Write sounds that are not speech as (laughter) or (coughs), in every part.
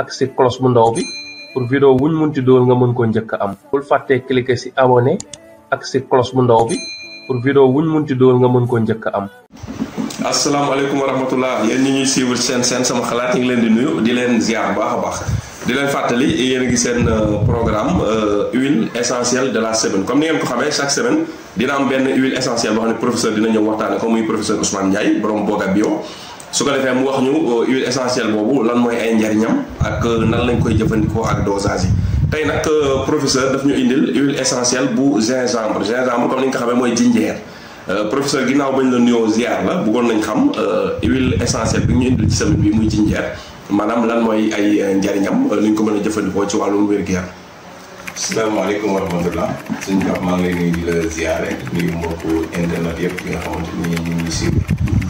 ak ci cloche bu ndaw bi pour vidéo wuñ munti nga mën ko njëkk am bul fàtte cliquer ci abonné ak ci cloche bu ndaw bi pour vidéo wuñ munti nga mën ko njëkk am asalaamaaleykum wa rahmatullah yéen ñi ñuy suivre seen seen sama xalaat ñu ngi leen di nuyu di leen ziar baax a baax di leen fàttali yéen a ngi seen euh, programme euh, huile essentielle de la semaine comme ni ngeen ko xamee chaque semaine dina am benn huile essentielle boo xam ne professeur dina ñëw waxtaane ko muy professeur Ousmane Ndiaye borom Bio su ko defee mu wax ñu euh, huile essentielle boobu lan mooy ay njariñam ak euh, nan lañ koy jëfandikoo ak dosage yi tey nag euh, professeur daf ñu indil huile essentielle bu gingembre gingembre comme ni nga xamee mooy jinjeer professeur ginnaaw bañ la nuyoo ziar la bëggoon nañ xam huile essentielle bi ñu indil ci semaine bi muy jinjeer maanaam lan mooy ay njariñam luñ ko mën a jëfandikoo ci wàllum wér gi yaram salaamaaleykum wa rahmatulah suñ Pape maa ngi lay nuyu di la ziare nuyu mbokku internet yëpp nga xamante ni ñu ngi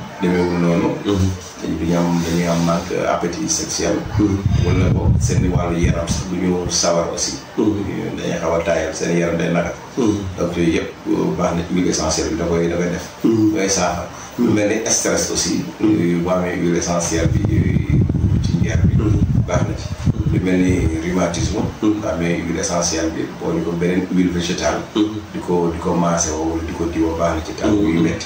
demeewul noonu. te mhm. dañuy am dañuy am manque appétit sexuel. Mhm. wala boog seen wàllu yaram sax du ñu sawar aussi. Mhm. dañuy xaw a taayal seen yaram day naka. donc yooyu yëpp baax na huile essentielle bi da koy da koy def. da koy saafara. lu mel ni stress aussi. boo amee huile bi ci njeer bi. baax na ci. lu ni rhumatisme. amee huile bi boole ko beneen huile végétale. di ko di ko maase wala di ko diwa baax na ci tànk yu métti.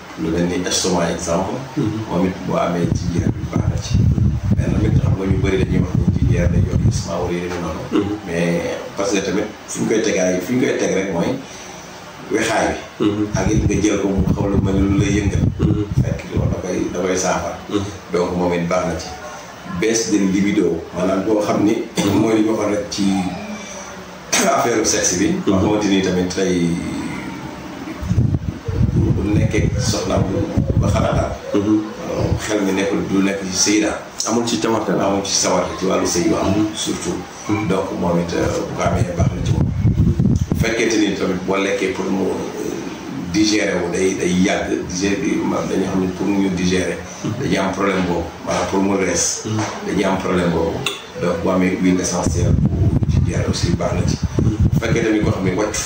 lu mel ni estomac exemple. Mhm. moom it boo amee jinjeer bi baax na ci. mais nag xam nga ñu bëri dañuy wax ni jinjeer day mhm. parce que tamit fi ñu koy teg rek mooy wexaay bi. Mhm. ak it nga jël ko mu xaw lu lu lay yëngal. fekk loolu da koy da koy saafara. moom it baax na ci. baisse de libido maanaam boo xam ni. mooy li ñu waxoon ci (coughs) affaire sexe bi. nga xamante ni tamit tey. nekkeeg soxnaam ba xalaataat. Mhm. xel mi nekkul du nekk ci sëy amul ci tawarte la amul ci sawarte ci wàllu sëy yu am mhm. surtout. Mhm. donc moom it euh, bu ko amee baax na ci bu ni boo lekkee pour mu euh, digérer wu day day yàgg digérer bi maanaam dañoo am problème boobu maanaam fekkee tamit koo xam ne wàccu.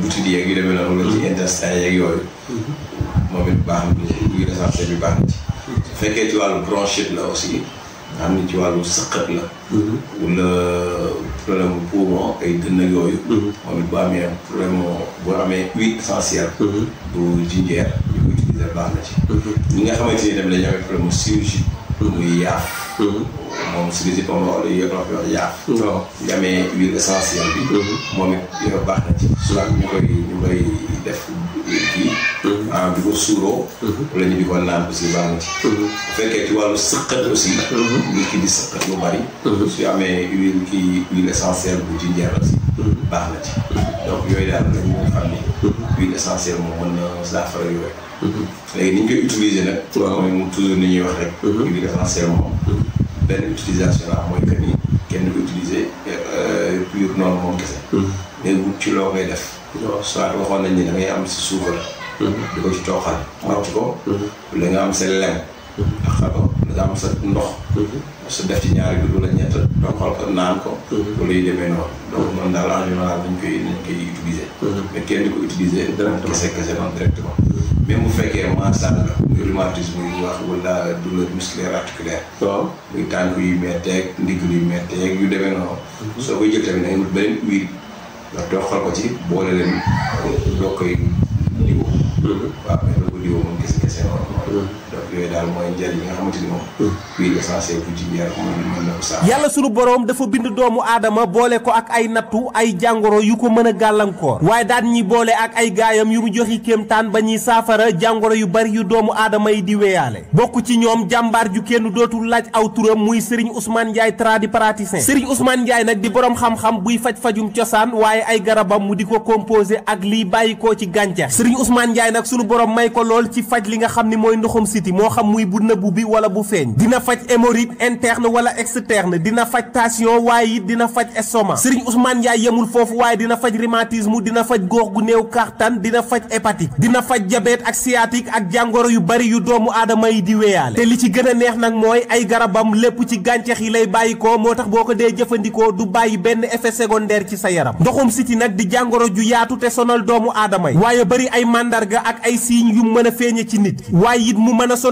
boutique yeeg yu demee noonu. wala mm-hmm. mm-hmm. baax na ci buy recensé mm-hmm. la aussi nga ci wàllu sëqat la. wala problème mu ak yooyu. moom it bu baax na ci. nga xamante ni tamit dañu amee problème mu chirurgie. muy yaaf. moom si visite moom wax dëgg yëpp wax dëgg yaaf. waaw amee bi. Mhm. moom it yow baax na ci. souvent ñu koy ñu koy def kii. maanaam ah di ko suuroo. Mhm. wala ñu di ko naan ci. Mhm. bu fekkee ci wàllu sëqat aussi. nit bu ci njeer aussi. baax na ci. donc yooyu daal la na léegi ni koy utiliser nag. waaw mooy mu toujours ni ñuy wax rek. benn utilisation la mooy que ni kenn du utiliser euh, pur noonu moom kese. Mm-hmm. mais wut ci loo ngay def. saa waxoon nañ ni da ngay am si suufar. Mm-hmm. di ko ci tooxal. wàcc ko. Mm-hmm. wala nga am seen lem. ak xalo mos ndox. mos a def ci ñaari du la ñett nga ko naan ko. Mhm. loolu yi demee noonu. donc noonu daal en général dañ koy dañ koy utiliser. Mhm. mais kenn di ko utiliser. directement kese kese noonu directement. mais mu fekkee massage la. muy rhumatisme mhm. nga beneen ko ci boole leen doo koy diwoo. waaw mais ko diwoo moom kese kese noonu. yooyu daal mooy njëriñ hmm. sunu borom dafa bind doomu aadama boole ko ak ay nattu ay jàngoro yu ko mën a gàllankoor waaye daan ñi boole ak ay gaayam yu mu joxi kéemtaan ba ñuy saafara jàngoro yu bari yu doomu aadama yi di weyaale bokk ci ñoom jàmbaar ju kenn dootul laaj aw turam muy sëriñ Ousmane Ndiaye tradipraticien Serigne Ousmane Ndiaye nag di borom xam-xam buy faj fajum cosaan waaye ay garabam mu di ko composé ak liy bàyyi koo ci gàncax sëriñ Ousmane Ndiaye nag sunu borom may ko moo xam muy bu nëbbu bi wala bu feeñ dina faj hémorroïde interne wala externe dina faj tension waaye it dina faj estomac Serigne Ousmane Ndiaye yemul foofu waaye dina faj rhumatisme dina faj góor gu néew kartan dina faj hépatique dina faj diabète ak sciatique ak jàngoro yu bari yu doomu aadama yi di weeyaale te li ci gën a neex nag mooy ay garabam lépp ci gàncax yi lay bàyyi ko moo tax boo ko dee jëfandikoo du bàyyi benn effet secondaire ci sa yaram ndoxum siti nag di jàngoro ju yaatu te sonal doomu aadama yi waaye bari ay màndarga ak ay signes yu mën a feeñe ci nit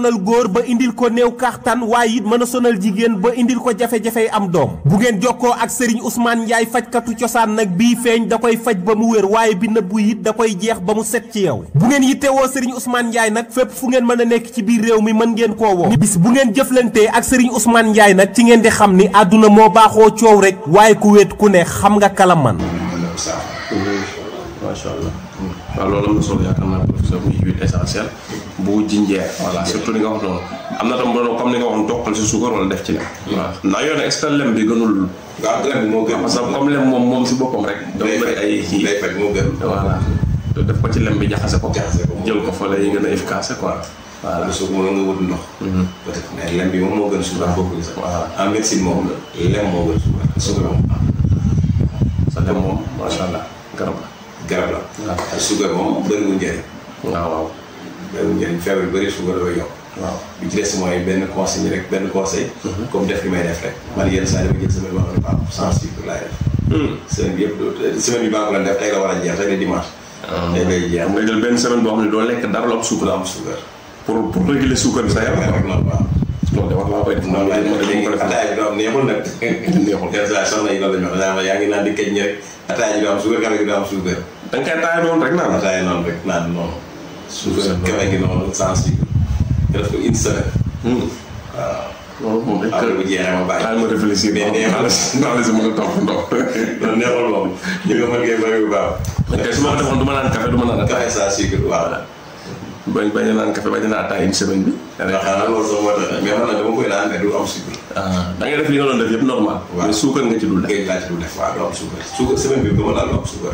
sonal góor ba indil ko néew kaxtan waaye it mën a sonal jigéen ba indil ko jafe-jafey am doom bu ngeen jokkoo ak sëriñ Ousmane Ndiaye fajkatu cosaan nag bii feeñ da koy faj ba mu wér waaye bi nëbbu it da koy jeex ba mu set ci yow bu ngeen yittewoo sëriñ Ousmane Ndiaye nag fépp fu ngeen mën a nekk ci biir réew mi mën ngeen koo woo bis bu ngeen jëflantee ak sëriñ Ousmane Ndiaye nag ci ngeen di xam ni àdduna moo baaxoo coow rek waaye ku wéet ku ne xam nga kala man waaw loolu am na solo yaakaar naa professeur muy huile essentielle bu jinjeer voilà surtout li nga wax noonu am na tam loolu comme ni nga waxoon toqal si suukar wala def ci lem bi gënul waaw lem bi moom moom si boppam rek dafa bëri ay te def ko ci lem bi jaxase ko jël ko fa lay gën a efficace quoi voilà suuf moom nga wut ndox. Mhm. peut être mais moo a moo gën sa lem moom macha allah garab la. garab la. ak suukar moom bëriwul njëriñ. waaw waaw. feebar yu bëri suukar dafay yokk. waaw bi ci des mooy benn conseil rek benn conseil. Mhm. comme def li may def rek. man yi dama jël hmm. ah. semaine boo xam a jeex tey boo ne doo lekk dara la am suukar. la sa yaram. waaw loolu de wax nga koy neexul nag. (laughs) yaa ngi naan di kañ rek ataaya bi am suukar café bi doo am suukar. da nga koy taay noonu rek naan. taay noonu rek naan sa kawe gi noonu sens bi. nga def hmm. bu jeexee ma bàyyi. xaaral ma réfléchir mais (laughs) nee ma la si mën a topp ndox. mën ngeen bëri bu baax. te su ma ma naan café du ma a naan a a mais ah, yëpp normal. waaw suukar nga ci dul def. waaw du am suukar. suukar semaine bi du ma du am suukar.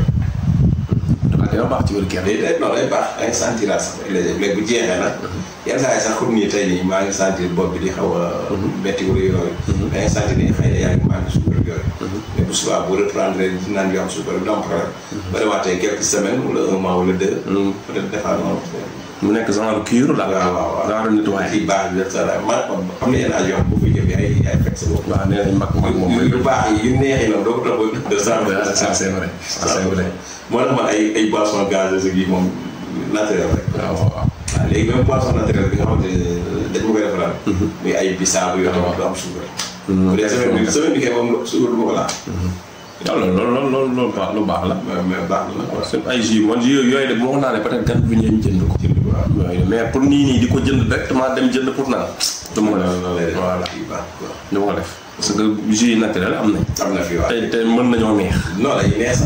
dina baax ci wér kenn day day noonu day baax ay sentir sax léegi bu jeexee nag mhm. yenn saa yi sax comme nii tey nii maa ngi sentir bopp bi di xaw a métti mhm. wala yooyu mhm. da ngay sentir ni xëy na yaa ngi manqué suukar yooyu mais bu subaa bu di naan yoo am suukar bi du am problème bari waatee quelques semaines wala un mois wala deux peut-être defaat noonu mu nekk genre cure la. waaw waaw genre nettoyé. ci baax bi man kon xam nañu ay yoon bu ko jëfee ay ay fekk waaw nee nañ mag mag moom mooy. lu baax yu neexee la doo ko toog de ça c'est vrai c'est vrai moo tax man ay ay boissons gazeuses yi moom naturel rek. waaw waaw waaw léegi même boisson naturel bi nga xamante ne dañ ma koy defaral. Mhm. muy ay bisaabu yoo xamante ne am suukar. Mhm. bu dee semaine bi semaine bi kay moom suukar du ma ko laal. Mhm. yàlla loolu loolu loolu loolu baax lu baax la. mais baax na quoi. c'est ay jus man yooyu yooyu de moo xam naa ne peut-être gan bi ñeen jënd ko. jënd ko waaw mais pour nii nii di ko jënd directement dem jënd pour naan. du ma ko def voilà du ma ko def. parce que jus yi naturel am nañ. am na fi waaw tey tey mën nañoo neex. non day neex.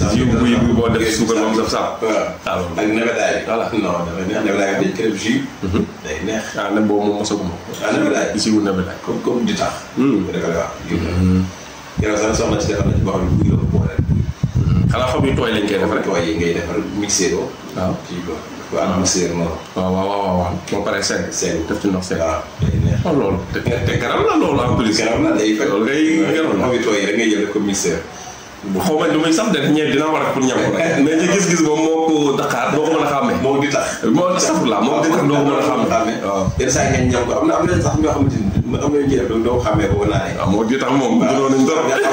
sax jus bu bu boo def suukar moom saf saf. waaw ak nebedaay. voilà non dafa neex nebedaay dañ koy def jus. Mhm. day neex. ah nem boobu moom mosaguma ko. ah nebedaay jus bu nebedaay. comme comme di tax. bu hmm. dëgg la waaw. Hmm. yow sax soxna si defal na ci boo xam ne buy la ko boole mm-hmm. xanaa xob tooy lañ koy defal tooy yi ngay waaw kii ko waaw mixé def ci ndox seen waaw loolu te garab la loolu en plus garab loolu ngay garab la ngay jël ko mixé xaw ma lu muy sax de ñeent dina war a pour ñam ko (laughs) mais ñu gis-gis boobu moo ko daqaar doo ko mën a xàmmee moo di tax moo safla moo di tax doo ko a xàmmee ñoo xamante ma amee jeex doon doo xamee boo naanee. waaw ah, moo tax moom gënoon ah, nañ dara. mais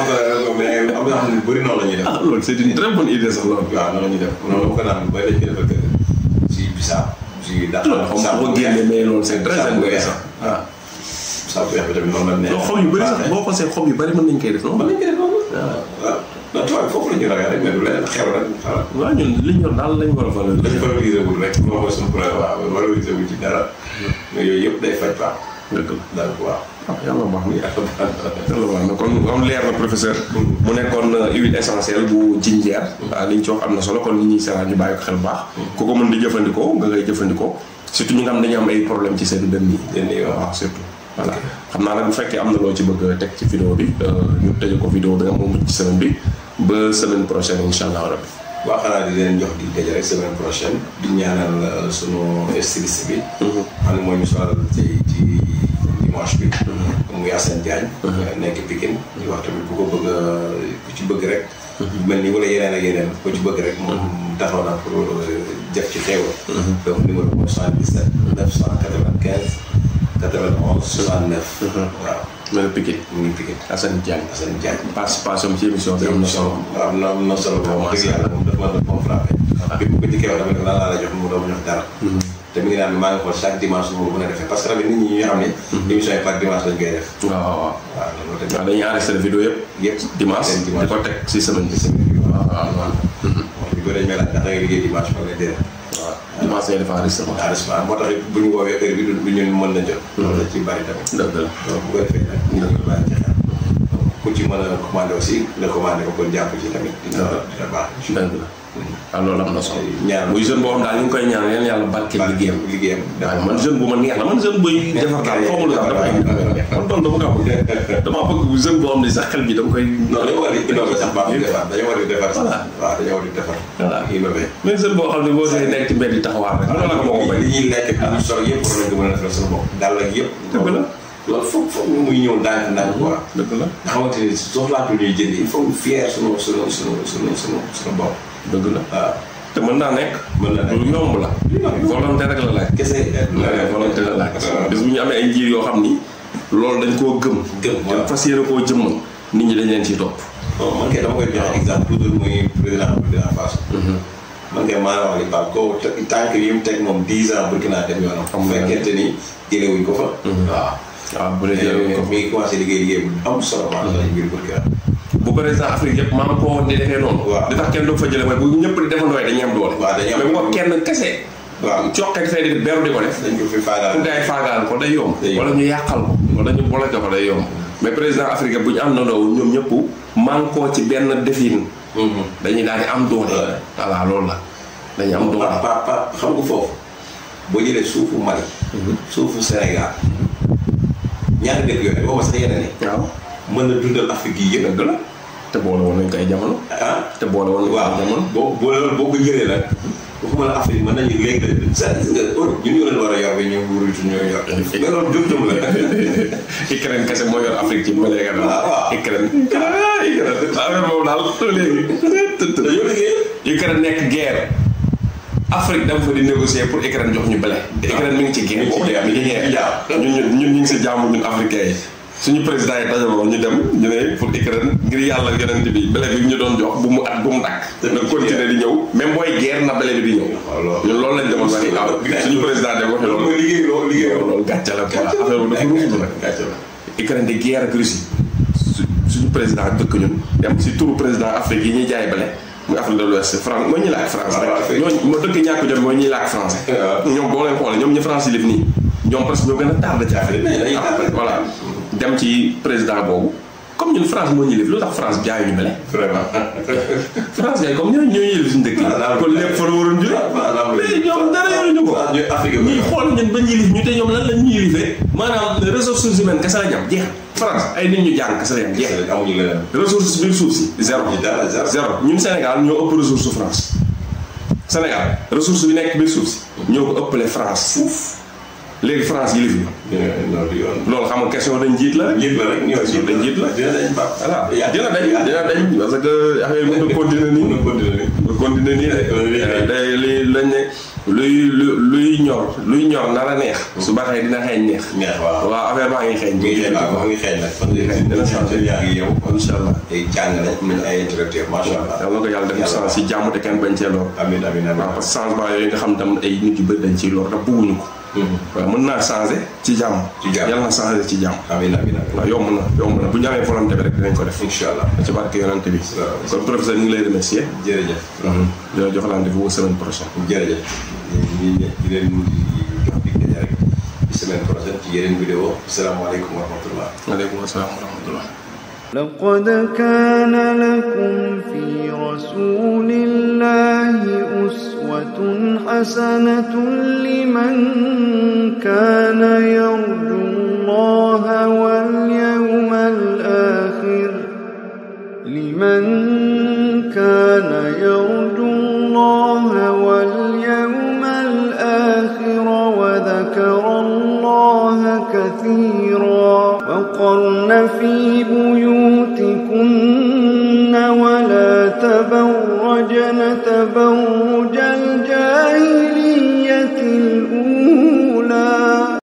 am na xam ne bëri noonu la ñuy def. ah loolu c' est une très bonne idée sax loolu. waaw noonu la ñuy def noonu ko naan bay dañ koy defal kër si bisaab. si ndax xam ko génne mais loolu c' est très intéressant sax waaw. Ah. saabu weex bi tamit noonu la neex. xob yu bëri sax boo xosee xob yu bëri mën nañ koy def noonu. mën nañ koy def noonu waaw. waaw tubaab foofu la ñu ragal rek mais du leneen xew rek xalaat. waaw ñun li ñu yor daal lañ war a valoriser. dañ valoriser wul rek moom mooy suñu problème waaw valoriser wul ci dara. mais yooyu yëpp day faj baax dëgg la waaw. Ah, yàlla baax na yàlla baax na kon comme leer na professeur. mu nekkoon euh, huile essentielle bu jinjeer. Mm-hmm. Ah, liñ ci wax am na solo kon nit ñi seetaan ñu bàyyi ko xel bu baax. Mm-hmm. ku ko mën di jëfandikoo nga ngay jëfandikoo surtout ñi nga xam dañu am ay problème ci seen dënn yi. dënn yi waaw surtout. voilà xam naa nag bu fekkee am na loo ci bëgg a teg ci vidéo bi euh, ñu tëjee ko vidéo bi nga xam moom ci semaine bi ba semaine prochaine incha allah rabbi waaw xanaa di leen jox di daje rek semaine prochaine di ñaanal euh, sunu styliste bi. xam mhm. ne mooy ñu sonal ci ci dimanche bi. Mhm. muy Assane Diagne. Mhm. Euh, nekki Pikine. di wax tamit ku ko bëgg euh, ci bëgg rek. mel ni wala yeneen ak yeneen ku ci bëgg rek moom taxaw naa pour jëf ci xew. donc numéro bi mooy 77. 995 91 69. waaw. ma ne mu ngi Pikine Assane Diagne. Assane Diagne participation ci émission bi am na solo. am na am na solo vraiment dëgg yàlla moom a moom frappé. waaw bu ko dikkee dama ne lan laa la jox mu doon jox dara. Mm-hmm. chaque dimanche mu mën a defee parce que tamit nit ñi ñu xam ne. Mm-hmm. émission yi par dimanche lañ koy def. waaw waaw waaw. waaw dañuy enregistré vidéo yëpp. yëpp dimanche di ko teg si semaine bi. waaw waaw waaw. ñu bëri ñu mel ne liggéey dimanche wala déedéet. commencé def enregistrement. enregistrement moo tax bu ñu woowee heure bi du ñu mën na jot. Hmm. loolu la ci bari tamit. dëgg la donc bu ko defee nag. dëgg la ku ci mën a commandé aussi nga commandé ko kon jàpp ci tamit. dina dina baax. dëgg la. waaw ah, loolu am na solo. ñaar muy jeune boo xam daal ñu ngi koy ñaan yéen yàlla barke liggéeyam. liggéeyam waaw ah, man jeune bu ma neex la man jeune buy. defar daal xaw ma lu tax damay man doon dama ko dama bëgg jeune boo xam ne sax xel bi dama koy. non dañoo war di innover sax baax defar dañoo war di defar sax. waaw dañoo war di defar. voilà innover. même jeune boo xam ne boo see nekk ci mbedd taxawaar rek. loolu ah, la ko bëgg li ñuy lekk ak li ñuy sol yëpp war nañ ko mën a defal suñu bopp. dàll ak yëpp. dëgg la loolu foog foog muy ñëw ndànk ndànk quoi. dëgg la nga xamante ni soxlaatu ñuy jënd il faut fier sunu sunu sunu sunu sunu bopp dëgg la waaw. Ah. te mën naa nekk. mën naa nekk lu yomb la. volonté rek la laaj. kese volonté la laaj. Ah. bu ñu amee ay yoo xam ni loolu dañ koo gëm. gëm waaw te fas yéene koo jëmmal nit ñi dañ leen ciy topp. bon oh, man kay dama koy joxe exemple toujours muy président Burkina Faso. Mhm. man kay maanaam mu teg moom 10 ans Burkina dem yoonam. am na solo fekkente ni jëlewuñ ko fa. Mhm. waaw. Ah, bu dee jëlewuñ ko fa eh, mi liggéey liggéey bu am solo. maanaam mbir Burkina. président Afrique yëpp maam ko di defee noonu. waaw li tax kenn doog fa jëlee mooy bu ñëpp di defandoo dañuy am doole. waaw dañuy am mais bu ko kenn kese. ñu yàqal ko wala ñu bloqué ko day yomb. bu ñu am na loolu ñoom ñëpp man ci benn defin. Mm-hmm. dañuy daal am doole. voilà loolu la dañuy am doole. pa pa xam nga foofu boo jëlee suufu Mali. Mm-hmm. suufu yi. waaw mën na dundal Afrique yi yëpp. dëgg la. te boole woon nañ ko ay jamono. ah te boole woon nañ ko ay jamono. boo boo boo ko jëlee nag. waxuma la Afrique mën nañu léegi de. sa nga Europe ñun ñoo leen war a yor ñoom wóorul ñoo yor. mais loolu jëm jëm la. (laughs) Ukraine kese moo yor Afrique ci ba léegi. waaw waaw Ukraine. ah Ukraine affaire ah, boobu daal léegi. te yow liggéey. Ukraine nekk guerre. Afrique dama fa di négocier pour Ukraine jox ñu bële. te ah. Ukraine mi ngi ci guerre. Oh, mi ngi ci guerre mi ngi ci guerre. ñun ñun ñu ngi si jàmm ñun africain yi. suñu président yi dajaloo ñu dem ñu ne pour Ukraine ngir yàlla yonent bi bele bi ñu doon jox bu mu at bu mu dakk na continuer di ñëw même booy guerre na bele bi di ñëw ah, ñun loolu lañ demoon si waaw suñu président dem waxi loolu liggéey loolu liggéey loolu gàcce ak dëkk ñun dem si turu président Afrique yi ñuy France mooy ñuy làkk français rek ah, ñooñu ma dëkk ñàkk jot mooy ñuy làkk français ah. ñoom boo leen xoolee ñoom ñu France yi nii ñoom presque ñoo gën a tardé ci Afrique voilà dem ci président boobu comme ñun France moo ñu yëlif lu tax France jaayuñu mele. vraiment. France kay comme ñooñu ñoo yëlif suñu dëkk yi. kon lépp fa la waroon jël. mais eh, ñoom xool ñun ba ñu yëlif ñu te ñoom lan la ñuy yëlifee. maanaam ressources humaines kese la jam jeex France ay nit ñu jàng kese jam jeex. amuñu leneen suuf si. zéro zéro ñun Sénégal ñoo ëpp ressource France. Sénégal ressource bi nekk biir suuf si. ñoo ko ëppale France fuuf. léegi France yilif ñu. loolu xam nga question dañ jiit la rek. jiit la rek ñoo jiit la jiit la. dina dañ baax voilà dina dañ dina dañ parce que affaire yi mën na continuer nii. mën na continuer nii. continuer nii rek. day li lañ ne luy luy ñor luy ñor nar a neex. su baxee dina xeeñ neex. neex waaw waaw affaire baa ngi xeeñ. mi ngi xeeñ nag maa ngi xeeñ nag. fan ngi xeeñ dina changé yaa ngi yow. incha allah ay jàngale am nañ ay intellectuel macha allah. yàlla na ko yàlla def sens si jàmm te kenn bañ cee lool. amiin amiin amiin waaw parce que changement yooyu nga xam tam ay nit yu bëri dañ ciy lool te bëgguñu ko waaw mën naa changer ci jàmm ci jàmm yàlla na changer ci jàmm amiin amiin waaw yomb na yomb na bu ñu amee volonté bi rek dinañ ko def incha allah ci barke yonante bi kon professeur ñu ngi lay remercier jërëjëf di la jox lante bu semaine prochaine jërëjëf ñi di leen jox dig dañu rek ci semaine prochaine ci yeneen vidéo asalaamaaleykum wa rahmatullah waaleykum asalaam wa rahmatullah لقد كان لكم في رسول الله أسوة حسنة لمن كان يرجو الله واليوم الآخر لمن كان يرجو الله واليوم الآخر وذكر الله كثيرا وقرن في بيوتكم